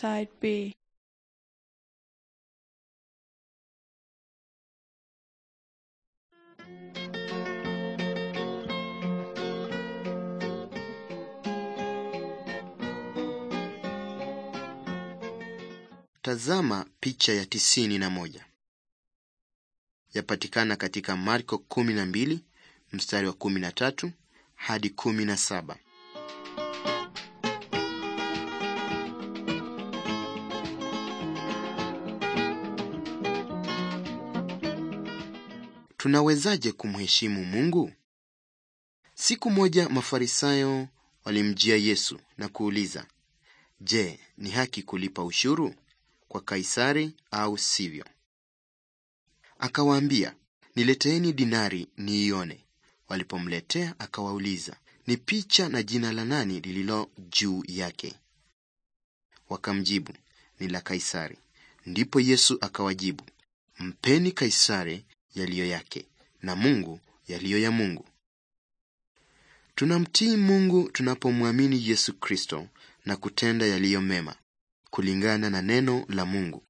side B Tazama picha ya tisini na moja. Yapatikana katika Marko kumi na mbili mstari wa kumi na tatu hadi kumi na saba. tunawezaje kumheshimu Mungu? Siku moja Mafarisayo walimjia Yesu na kuuliza, "Je, ni haki kulipa ushuru kwa Kaisari au sivyo?" Akawaambia, "Nileteeni dinari niione." Walipomletea akawauliza, "Ni picha na jina la nani lililo juu yake?" Wakamjibu, "Ni la Kaisari." Ndipo Yesu akawajibu, "Mpeni Kaisari yaliyo yake na Mungu yaliyo ya Mungu. Tunamtii Mungu tunapomwamini Yesu Kristo na kutenda yaliyo mema kulingana na neno la Mungu.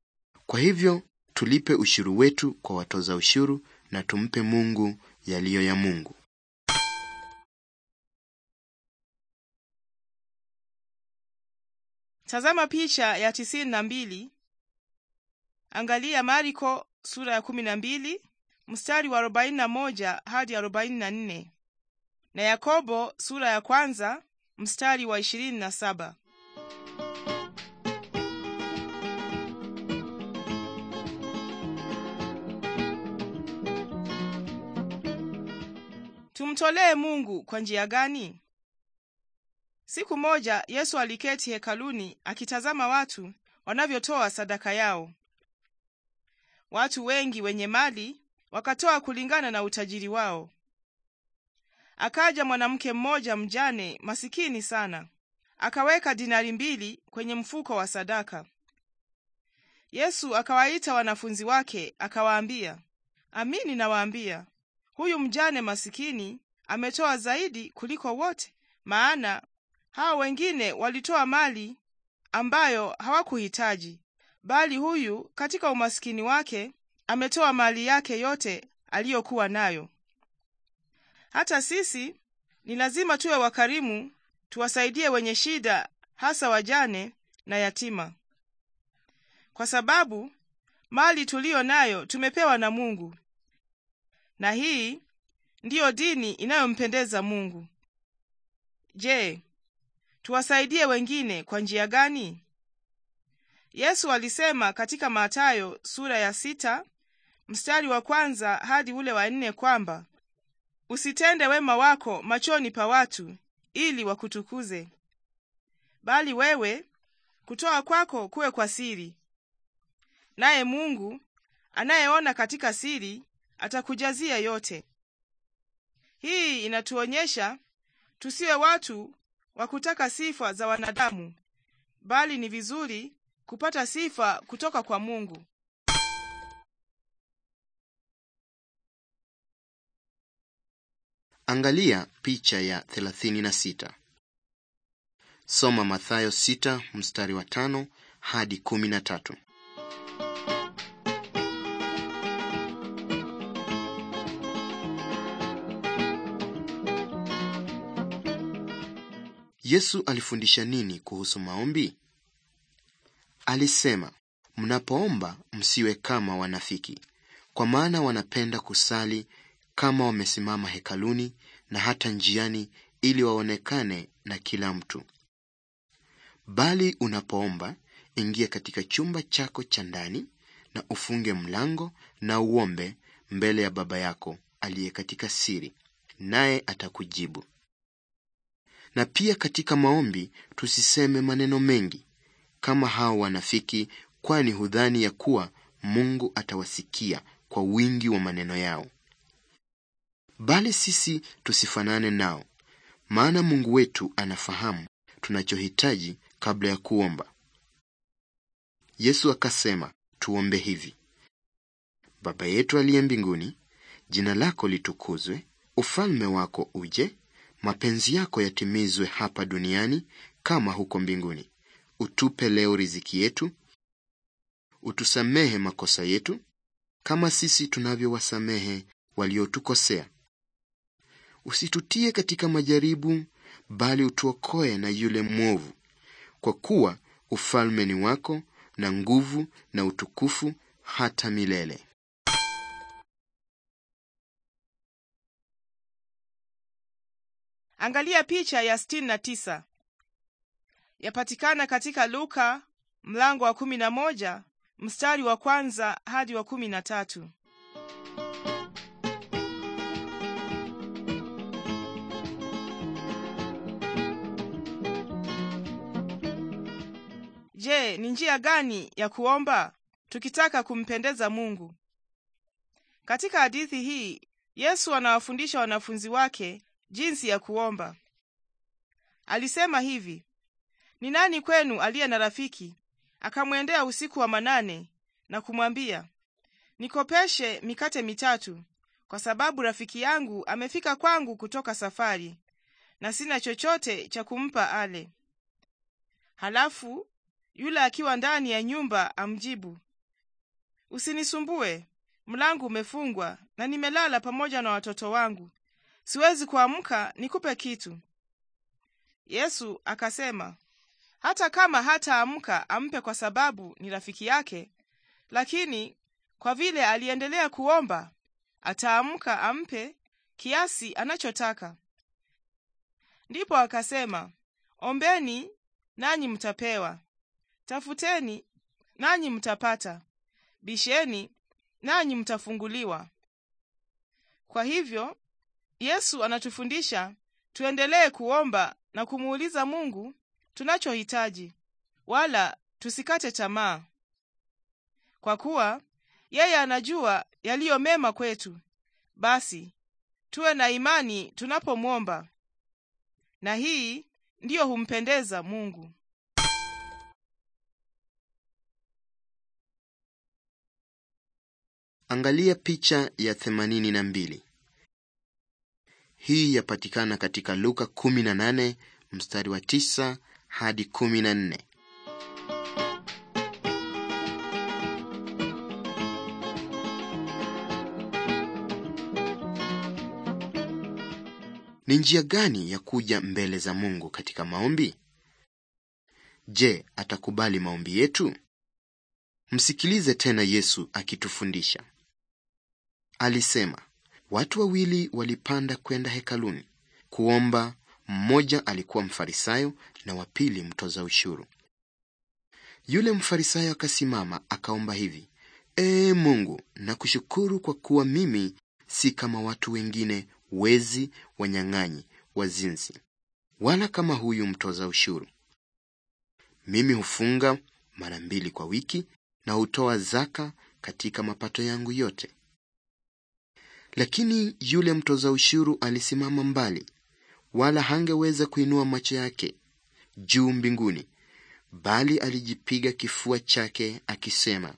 Kwa hivyo tulipe ushuru wetu kwa watoza ushuru na tumpe Mungu yaliyo ya Mungu. Tazama picha ya tisini na mbili. Angalia Mariko sura ya kumi na mbili mstari wa 41 hadi 44 na Yakobo sura ya kwanza mstari wa 27. Tumtolee Mungu kwa njia gani? Siku moja Yesu aliketi hekaluni akitazama watu wanavyotoa sadaka yao. Watu wengi wenye mali wakatoa kulingana na utajiri wao. Akaja mwanamke mmoja mjane masikini sana, akaweka dinari mbili kwenye mfuko wa sadaka. Yesu akawaita wanafunzi wake akawaambia, amini nawaambia, huyu mjane masikini ametoa zaidi kuliko wote, maana hawa wengine walitoa mali ambayo hawakuhitaji, bali huyu katika umasikini wake ametoa mali yake yote aliyokuwa nayo. Hata sisi ni lazima tuwe wakarimu, tuwasaidie wenye shida, hasa wajane na yatima, kwa sababu mali tuliyo nayo tumepewa na Mungu, na hii ndiyo dini inayompendeza Mungu. Je, tuwasaidie wengine kwa njia gani? Yesu alisema katika matayo sura ya sita mstari wa kwanza hadi ule wa nne kwamba usitende wema wako machoni pa watu ili wakutukuze, bali wewe kutoa kwako kuwe kwa siri, naye Mungu anayeona katika siri atakujazia yote. Hii inatuonyesha tusiwe watu wa kutaka sifa za wanadamu, bali ni vizuri kupata sifa kutoka kwa Mungu. Angalia picha ya 36. Soma Mathayo 6 mstari wa 5 hadi 13. Yesu alifundisha nini kuhusu maombi? Alisema, mnapoomba msiwe kama wanafiki, kwa maana wanapenda kusali kama wamesimama hekaluni na hata njiani ili waonekane na kila mtu. Bali unapoomba, ingia katika chumba chako cha ndani na ufunge mlango na uombe mbele ya Baba yako aliye katika siri, naye atakujibu. Na pia katika maombi tusiseme maneno mengi kama hao wanafiki, kwani hudhani ya kuwa Mungu atawasikia kwa wingi wa maneno yao bali sisi tusifanane nao, maana Mungu wetu anafahamu tunachohitaji kabla ya kuomba. Yesu akasema, tuombe hivi: Baba yetu aliye mbinguni, jina lako litukuzwe, ufalme wako uje, mapenzi yako yatimizwe hapa duniani kama huko mbinguni. Utupe leo riziki yetu, utusamehe makosa yetu kama sisi tunavyowasamehe waliotukosea, usitutie katika majaribu, bali utuokoe na yule mwovu, kwa kuwa ufalme ni wako na nguvu na utukufu hata milele. Angalia picha ya 69 yapatikana katika Luka mlango wa 11 mstari wa kwanza hadi wa tatu Je, ni njia gani ya kuomba tukitaka kumpendeza Mungu? Katika hadithi hii Yesu anawafundisha wanafunzi wake jinsi ya kuomba. Alisema hivi: ni nani kwenu aliye na rafiki akamwendea usiku wa manane na kumwambia, nikopeshe mikate mitatu, kwa sababu rafiki yangu amefika kwangu kutoka safari na sina chochote cha kumpa ale? Halafu yule akiwa ndani ya nyumba amjibu, usinisumbue, mlango umefungwa na nimelala pamoja na watoto wangu, siwezi kuamka nikupe kitu. Yesu akasema, hata kama hataamka ampe, kwa sababu ni rafiki yake, lakini kwa vile aliendelea kuomba, ataamka ampe kiasi anachotaka. Ndipo akasema, ombeni nanyi mtapewa. Tafuteni nanyi mtapata, bisheni nanyi mtafunguliwa. Kwa hivyo Yesu anatufundisha tuendelee kuomba na kumuuliza Mungu tunachohitaji, wala tusikate tamaa, kwa kuwa yeye anajua yaliyo mema kwetu. Basi tuwe na imani tunapomwomba, na hii ndiyo humpendeza Mungu. Angalia picha ya 82. Hii yapatikana katika Luka 18 mstari wa 9 hadi 14. Ni njia gani ya kuja mbele za Mungu katika maombi? Je, atakubali maombi yetu? Msikilize tena Yesu akitufundisha alisema, watu wawili walipanda kwenda hekaluni kuomba, mmoja alikuwa Mfarisayo na wapili mtoza ushuru. Yule Mfarisayo akasimama akaomba hivi: Ee Mungu, nakushukuru kwa kuwa mimi si kama watu wengine, wezi, wanyang'anyi, wazinzi, wala kama huyu mtoza ushuru. Mimi hufunga mara mbili kwa wiki na hutoa zaka katika mapato yangu yote. Lakini yule mtoza ushuru alisimama mbali, wala hangeweza kuinua macho yake juu mbinguni, bali alijipiga kifua chake akisema,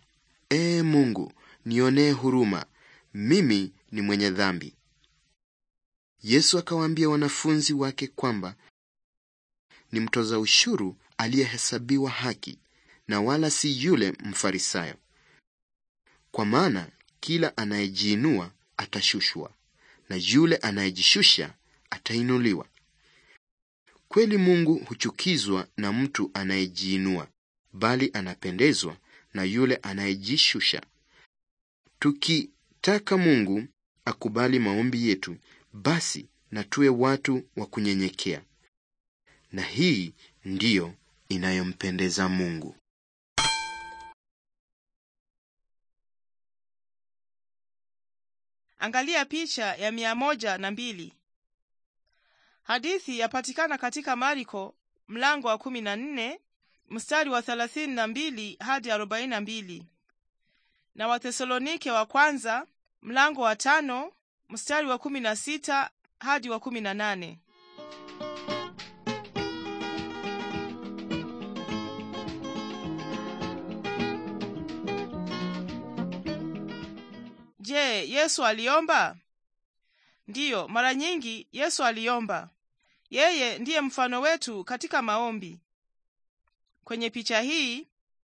Ee Mungu, nionee huruma, mimi ni mwenye dhambi. Yesu akawaambia wanafunzi wake kwamba ni mtoza ushuru aliyehesabiwa haki na wala si yule Mfarisayo, kwa maana kila anayejiinua atashushwa, na yule anayejishusha atainuliwa. Kweli Mungu huchukizwa na mtu anayejiinua, bali anapendezwa na yule anayejishusha. Tukitaka Mungu akubali maombi yetu, basi na tuwe watu wa kunyenyekea, na hii ndiyo inayompendeza Mungu. Angalia picha ya mia moja na mbili. Hadithi yapatikana katika Mariko mlango wa kumi na nne mstari wa thelathini na mbili hadi arobaini na mbili na Wathesalonike wa kwanza mlango wa tano mstari wa kumi na sita hadi wa kumi na nane. Je, Yesu aliomba? Ndiyo, mara nyingi Yesu aliomba. Yeye ndiye mfano wetu katika maombi. Kwenye picha hii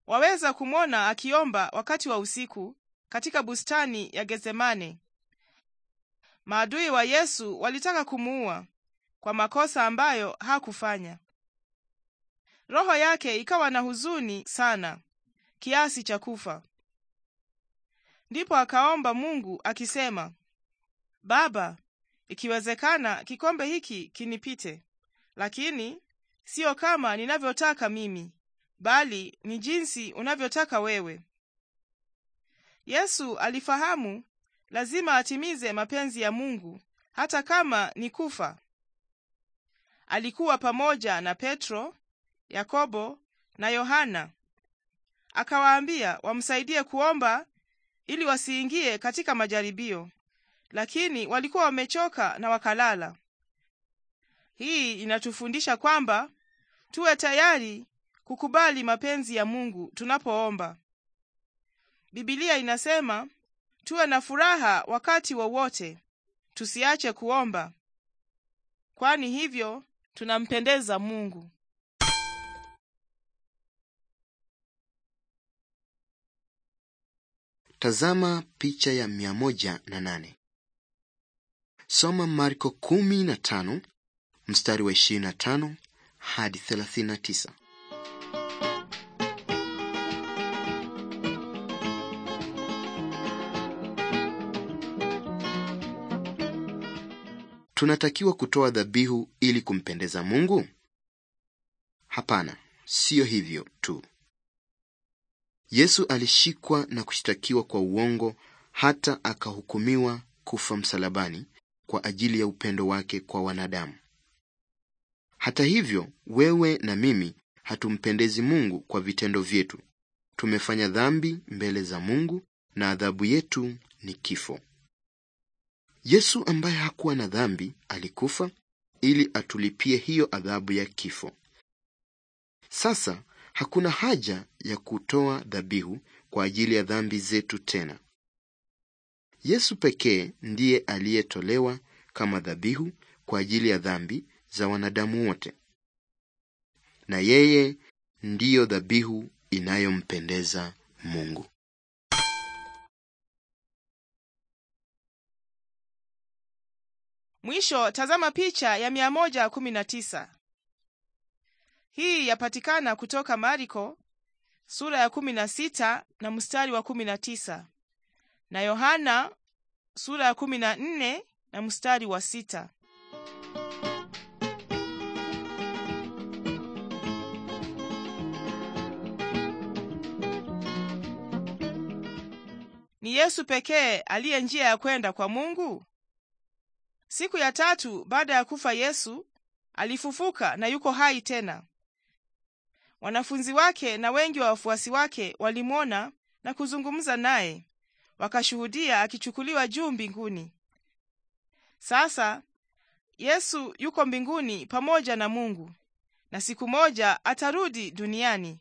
waweza kumwona akiomba wakati wa usiku katika bustani ya Getsemane. Maadui wa Yesu walitaka kumuua kwa makosa ambayo hakufanya. Roho yake ikawa na huzuni sana kiasi cha kufa. Ndipo akaomba Mungu akisema, Baba, ikiwezekana kikombe hiki kinipite, lakini siyo kama ninavyotaka mimi, bali ni jinsi unavyotaka wewe. Yesu alifahamu lazima atimize mapenzi ya Mungu hata kama ni kufa. Alikuwa pamoja na Petro, Yakobo na Yohana. Akawaambia wamsaidie kuomba ili wasiingie katika majaribio, lakini walikuwa wamechoka na wakalala. Hii inatufundisha kwamba tuwe tayari kukubali mapenzi ya Mungu tunapoomba. Biblia inasema tuwe na furaha wakati wowote wa tusiache kuomba, kwani hivyo tunampendeza Mungu. Tazama picha ya mia moja na nane. Soma Marko kumi na tano mstari wa ishirini na tano hadi thelathini na tisa. Tunatakiwa kutoa dhabihu ili kumpendeza Mungu? Hapana, siyo hivyo tu. Yesu alishikwa na kushitakiwa kwa uongo hata akahukumiwa kufa msalabani kwa ajili ya upendo wake kwa wanadamu. Hata hivyo, wewe na mimi hatumpendezi Mungu kwa vitendo vyetu. Tumefanya dhambi mbele za Mungu na adhabu yetu ni kifo. Yesu ambaye hakuwa na dhambi alikufa ili atulipie hiyo adhabu ya kifo. Sasa Hakuna haja ya kutoa dhabihu kwa ajili ya dhambi zetu tena. Yesu pekee ndiye aliyetolewa kama dhabihu kwa ajili ya dhambi za wanadamu wote, na yeye ndiyo dhabihu inayompendeza Mungu. Mwisho, tazama picha ya 119. Hii yapatikana kutoka mariko sura ya kumi na sita na mstari wa kumi na tisa na Yohana sura ya kumi na nne na mstari wa sita. Ni Yesu pekee aliye njia ya kwenda kwa Mungu. Siku ya tatu baada ya kufa Yesu alifufuka na yuko hai tena. Wanafunzi wake na wengi wa wafuasi wake walimwona na kuzungumza naye, wakashuhudia akichukuliwa juu mbinguni. Sasa Yesu yuko mbinguni pamoja na Mungu, na siku moja atarudi duniani.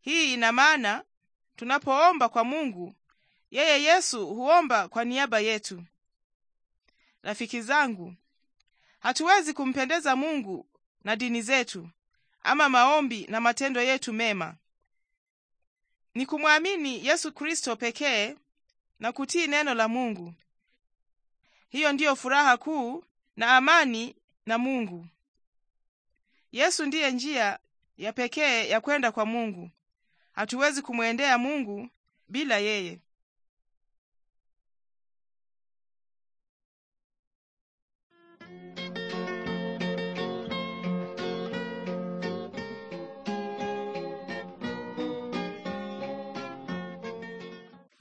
Hii ina maana tunapoomba kwa Mungu, yeye Yesu huomba kwa niaba yetu. Rafiki zangu, hatuwezi kumpendeza Mungu na dini zetu ama maombi na matendo yetu mema ni kumwamini Yesu Kristo pekee na kutii neno la Mungu. Hiyo ndiyo furaha kuu na amani na Mungu. Yesu ndiye njia ya pekee ya kwenda kwa Mungu. Hatuwezi kumwendea Mungu bila yeye.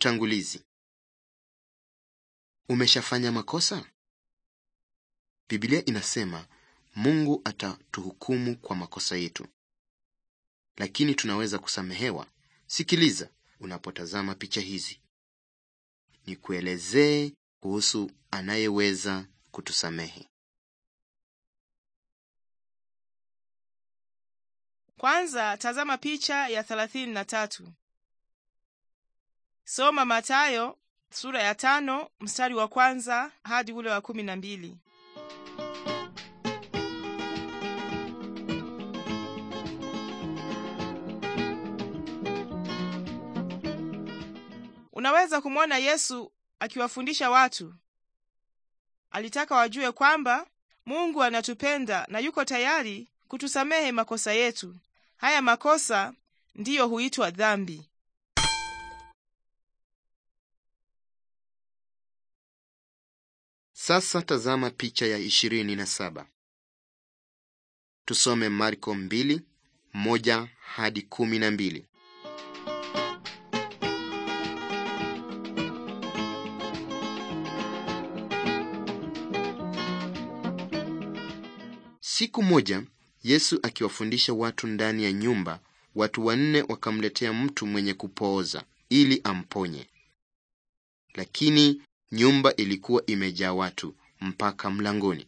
Utangulizi. Umeshafanya makosa? Biblia inasema Mungu atatuhukumu kwa makosa yetu, lakini tunaweza kusamehewa. Sikiliza unapotazama picha hizi, nikuelezee kuhusu anayeweza kutusamehe. Kwanza tazama picha ya tatu. Soma Mathayo sura ya tano mstari wa kwanza hadi ule wa kumi na mbili. Unaweza kumwona Yesu akiwafundisha watu. Alitaka wajue kwamba Mungu anatupenda na yuko tayari kutusamehe makosa yetu. Haya makosa ndiyo huitwa dhambi. Sasa tazama picha ya ishirini na saba. Tusome Marko mbili moja hadi kumi na mbili. Siku moja Yesu akiwafundisha watu ndani ya nyumba, watu wanne wakamletea mtu mwenye kupooza ili amponye, lakini Nyumba ilikuwa imejaa watu mpaka mlangoni.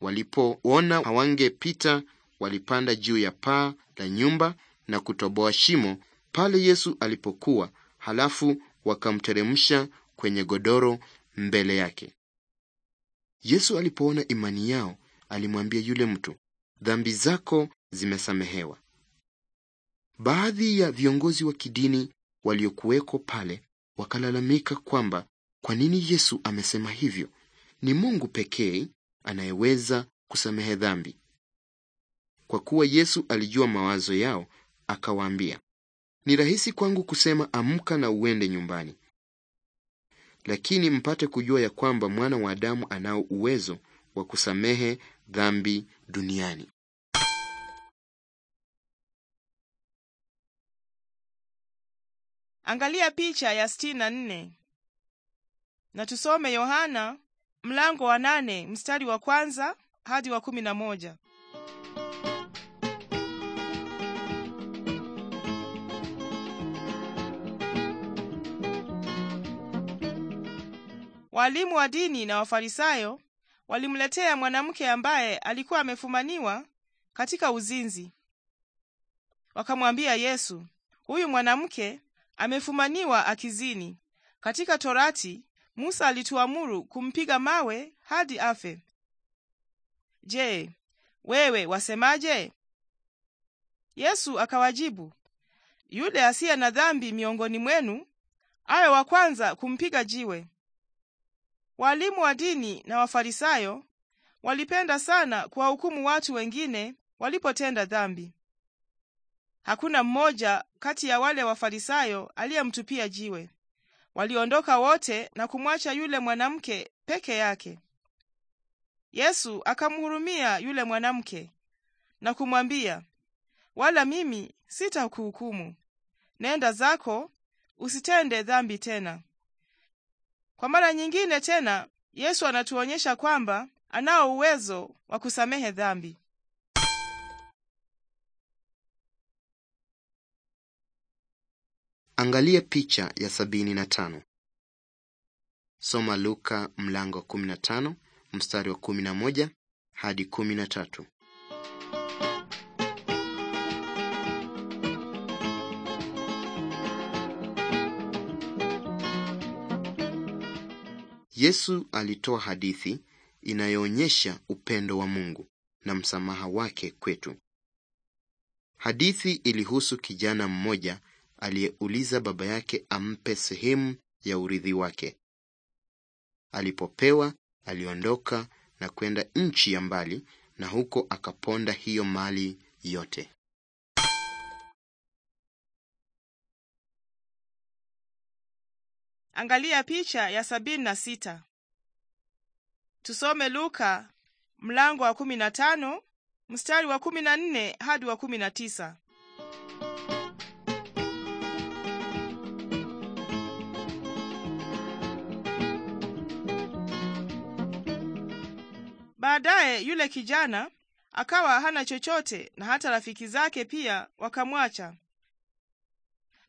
Walipoona hawangepita, walipanda juu ya paa la nyumba na kutoboa shimo pale Yesu alipokuwa, halafu wakamteremsha kwenye godoro mbele yake. Yesu alipoona imani yao, alimwambia yule mtu, dhambi zako zimesamehewa. Baadhi ya viongozi wa kidini waliokuweko pale wakalalamika kwamba kwa nini Yesu amesema hivyo? Ni Mungu pekee anayeweza kusamehe dhambi. Kwa kuwa Yesu alijua mawazo yao, akawaambia, ni rahisi kwangu kusema amka na uende nyumbani, lakini mpate kujua ya kwamba mwana wa Adamu anao uwezo wa kusamehe dhambi duniani. Angalia picha ya sitini na nne. Na tusome Yohana mlango wa nane mstari wa kwanza hadi wa kumi na moja. Walimu wa dini na Wafarisayo walimletea mwanamke ambaye alikuwa amefumaniwa katika uzinzi. Wakamwambia Yesu, huyu mwanamke amefumaniwa akizini. Katika Torati Musa alituamuru kumpiga mawe hadi afe. Je, wewe wasemaje? Yesu akawajibu, yule asiye na dhambi miongoni mwenu awe wa kwanza kumpiga jiwe. Walimu wa dini na Wafarisayo walipenda sana kuwahukumu watu wengine walipotenda dhambi. Hakuna mmoja kati ya wale Wafarisayo aliyemtupia jiwe. Waliondoka wote na kumwacha yule mwanamke peke yake. Yesu akamhurumia yule mwanamke na kumwambia, wala mimi sitakuhukumu, nenda zako, usitende dhambi tena. Kwa mara nyingine tena Yesu anatuonyesha kwamba anao uwezo wa kusamehe dhambi. Angalia picha ya sabini na tano. Soma Luka mlango wa tano mstari wa moja hadi tatu. Yesu alitoa hadithi inayoonyesha upendo wa Mungu na msamaha wake kwetu. Hadithi ilihusu kijana mmoja aliyeuliza baba yake ampe sehemu ya urithi wake. Alipopewa, aliondoka na kwenda nchi ya mbali, na huko akaponda hiyo mali yote. Angalia picha ya sabini na sita. Tusome Luka mlango wa kumi na tano mstari wa kumi na nne hadi wa kumi na tisa. Baadaye yule kijana akawa hana chochote na hata rafiki zake pia wakamwacha.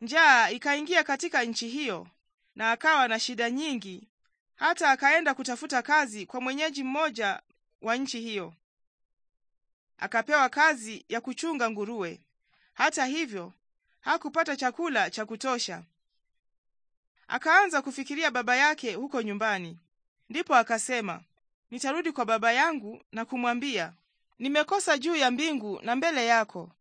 Njaa ikaingia katika nchi hiyo na akawa na shida nyingi, hata akaenda kutafuta kazi kwa mwenyeji mmoja wa nchi hiyo. Akapewa kazi ya kuchunga nguruwe. Hata hivyo, hakupata chakula cha kutosha. Akaanza kufikiria baba yake huko nyumbani, ndipo akasema, nitarudi kwa baba yangu na kumwambia, nimekosa juu ya mbingu na mbele yako,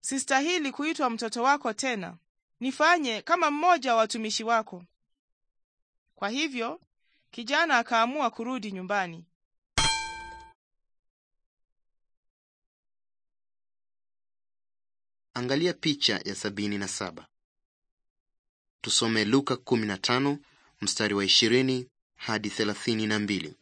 sistahili kuitwa mtoto wako tena, nifanye kama mmoja wa watumishi wako. Kwa hivyo kijana akaamua kurudi nyumbani. Angalia picha ya sabini na saba. Tusome Luka 15 mstari wa 20 hadi 32.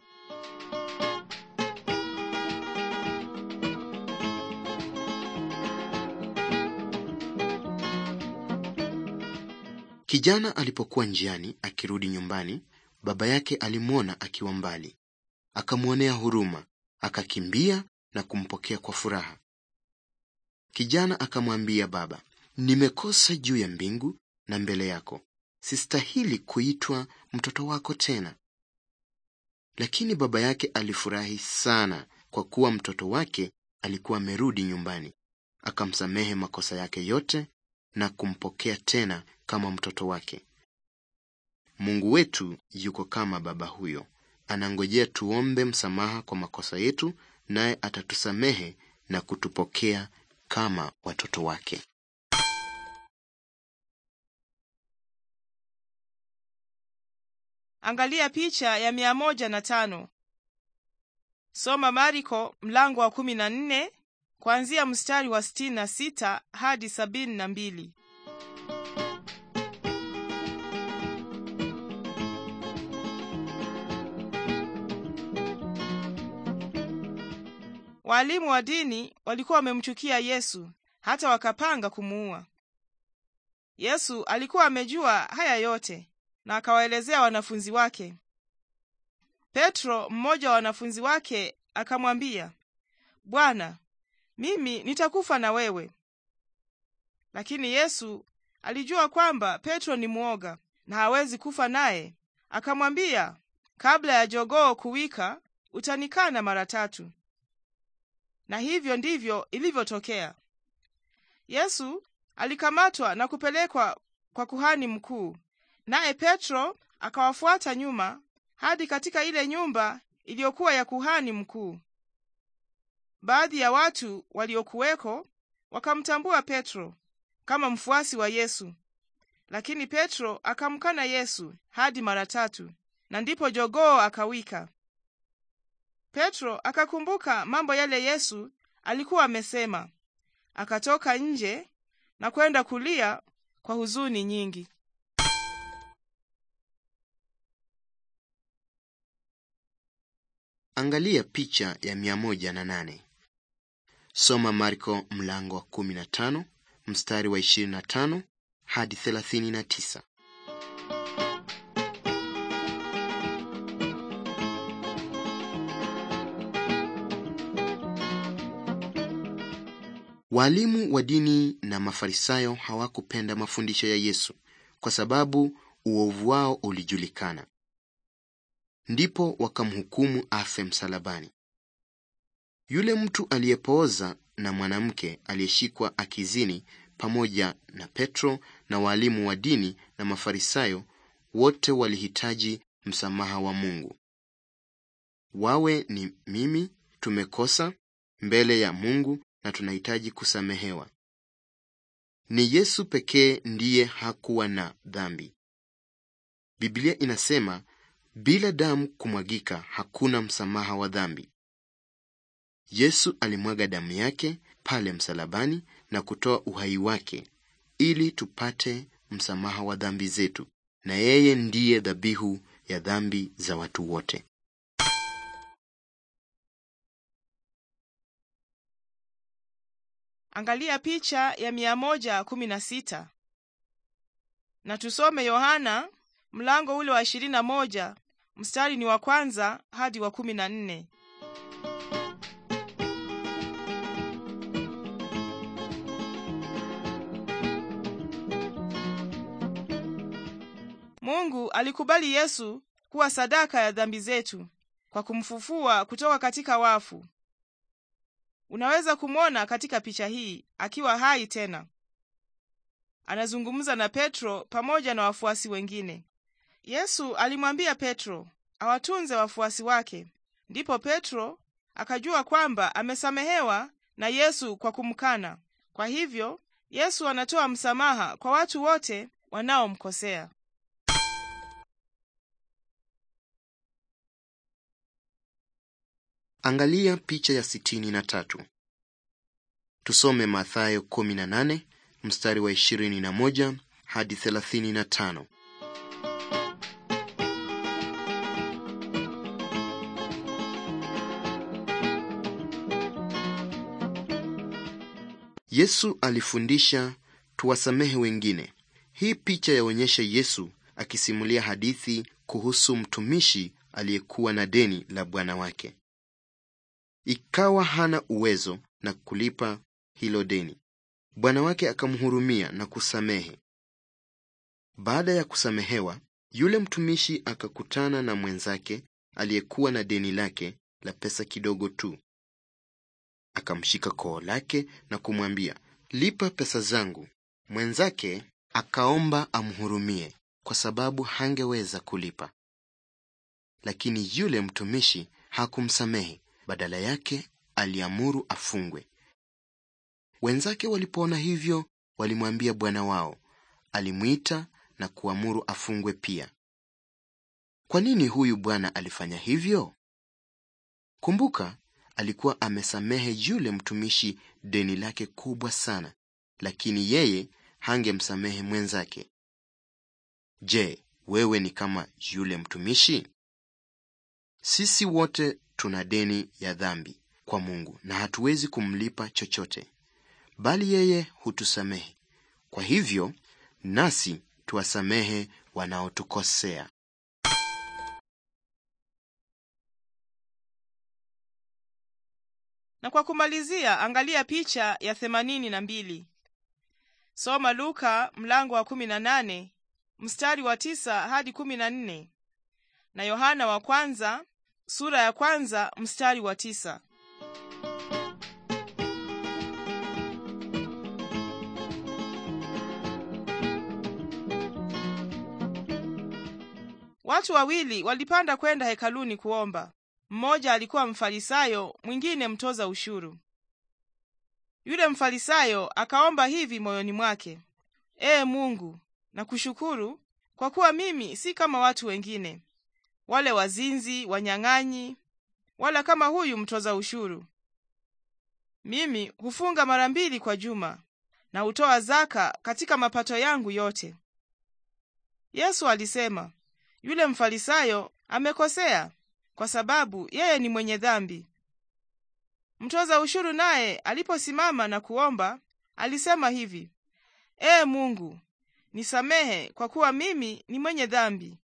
Kijana alipokuwa njiani akirudi nyumbani, baba yake alimwona akiwa mbali, akamwonea huruma, akakimbia na kumpokea kwa furaha. Kijana akamwambia baba, nimekosa juu ya mbingu na mbele yako, sistahili kuitwa mtoto wako tena. Lakini baba yake alifurahi sana kwa kuwa mtoto wake alikuwa amerudi nyumbani. Akamsamehe makosa yake yote na kumpokea tena kama mtoto wake. Mungu wetu yuko kama baba huyo, anangojea tuombe msamaha kwa makosa yetu, naye atatusamehe na kutupokea kama watoto wake. Angalia picha ya mia moja na tano. Soma Mariko mlango wa kumi na nne kuanzia mstari wa sitini na sita hadi sabini na mbili. wa dini walikuwa wamemchukia Yesu hata wakapanga kumuua. Yesu alikuwa amejua haya yote, na akawaelezea wanafunzi wake. Petro, mmoja wa wanafunzi wake, akamwambia, Bwana, mimi nitakufa na wewe. Lakini Yesu alijua kwamba Petro ni mwoga na hawezi kufa naye, akamwambia, kabla ya jogoo kuwika utanikana mara tatu. Na hivyo ndivyo ilivyotokea. Yesu alikamatwa na kupelekwa kwa kuhani mkuu. Naye Petro akawafuata nyuma hadi katika ile nyumba iliyokuwa ya kuhani mkuu. Baadhi ya watu waliokuweko wakamtambua Petro kama mfuasi wa Yesu, lakini Petro akamkana Yesu hadi mara tatu, na ndipo jogoo akawika. Petro akakumbuka mambo yale Yesu alikuwa amesema, akatoka nje na kwenda kulia kwa huzuni nyingi. Angalia picha ya na nane. Soma Marko mlango wa kumi na tano mstari wa na tano hadi thelathini na tisa. Waalimu wa dini na Mafarisayo hawakupenda mafundisho ya Yesu kwa sababu uovu wao ulijulikana ndipo wakamhukumu afe msalabani. Yule mtu aliyepooza na mwanamke aliyeshikwa akizini pamoja na Petro na waalimu wa dini na Mafarisayo wote walihitaji msamaha wa Mungu. Wawe ni mimi, tumekosa mbele ya Mungu na tunahitaji kusamehewa. Ni Yesu pekee ndiye hakuwa na dhambi. Biblia inasema bila damu kumwagika hakuna msamaha wa dhambi. Yesu alimwaga damu yake pale msalabani na kutoa uhai wake ili tupate msamaha wa dhambi zetu, na yeye ndiye dhabihu ya dhambi za watu wote. Angalia picha ya 116 na tusome Yohana mlango ule wa 21 mstari ni wa kwanza hadi wa kumi na nne. Mungu alikubali Yesu kuwa sadaka ya dhambi zetu kwa kumfufua kutoka katika wafu. Unaweza kumwona katika picha hii akiwa hai tena. Anazungumza na Petro pamoja na wafuasi wengine. Yesu alimwambia Petro awatunze wafuasi wake. Ndipo Petro akajua kwamba amesamehewa na Yesu kwa kumkana. Kwa hivyo Yesu anatoa msamaha kwa watu wote wanaomkosea. Angalia picha ya sitini na tatu. Tusome Mathayo mstari wa hadi Yesu alifundisha tuwasamehe wengine. Hii picha yaonyesha Yesu akisimulia hadithi kuhusu mtumishi aliyekuwa na deni la bwana wake, ikawa hana uwezo na kulipa hilo deni. Bwana wake akamhurumia na kusamehe. Baada ya kusamehewa, yule mtumishi akakutana na mwenzake aliyekuwa na deni lake la pesa kidogo tu akamshika koo lake na kumwambia, lipa pesa zangu. Mwenzake akaomba amhurumie kwa sababu hangeweza kulipa, lakini yule mtumishi hakumsamehe, badala yake aliamuru afungwe. Wenzake walipoona hivyo, walimwambia bwana wao. Alimwita na kuamuru afungwe pia. Kwa nini huyu bwana alifanya hivyo? Kumbuka, alikuwa amesamehe yule mtumishi deni lake kubwa sana, lakini yeye hangemsamehe mwenzake. Je, wewe ni kama yule mtumishi? Sisi wote tuna deni ya dhambi kwa Mungu na hatuwezi kumlipa chochote, bali yeye hutusamehe. Kwa hivyo nasi tuwasamehe wanaotukosea. Na kwa kumalizia, angalia picha ya themanini na mbili. Soma Luka mlango wa kumi na nane mstari wa tisa hadi kumi na nne na Yohana wa kwanza sura ya kwanza mstari wa tisa. Watu wawili walipanda kwenda hekaluni kuomba. Mmoja alikuwa Mfarisayo, mwingine mtoza ushuru. Yule Mfarisayo akaomba hivi moyoni mwake, Ee Mungu, nakushukuru kwa kuwa mimi si kama watu wengine, wale wazinzi, wanyang'anyi, wala kama huyu mtoza ushuru. Mimi hufunga mara mbili kwa juma na hutoa zaka katika mapato yangu yote. Yesu alisema, yule Mfarisayo amekosea, kwa sababu yeye ni mwenye dhambi. Mtoza ushuru naye aliposimama na kuomba, alisema hivi: Ee Mungu, nisamehe kwa kuwa mimi ni mwenye dhambi.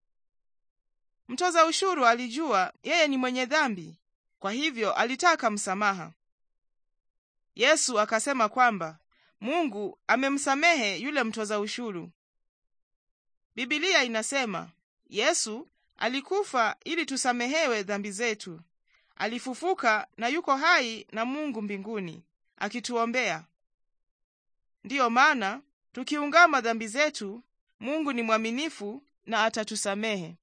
Mtoza ushuru alijua yeye ni mwenye dhambi, kwa hivyo alitaka msamaha. Yesu akasema kwamba Mungu amemsamehe yule mtoza ushuru. Biblia inasema Yesu Alikufa ili tusamehewe dhambi zetu, alifufuka na yuko hai na Mungu mbinguni akituombea. Ndiyo maana tukiungama dhambi zetu, Mungu ni mwaminifu na atatusamehe.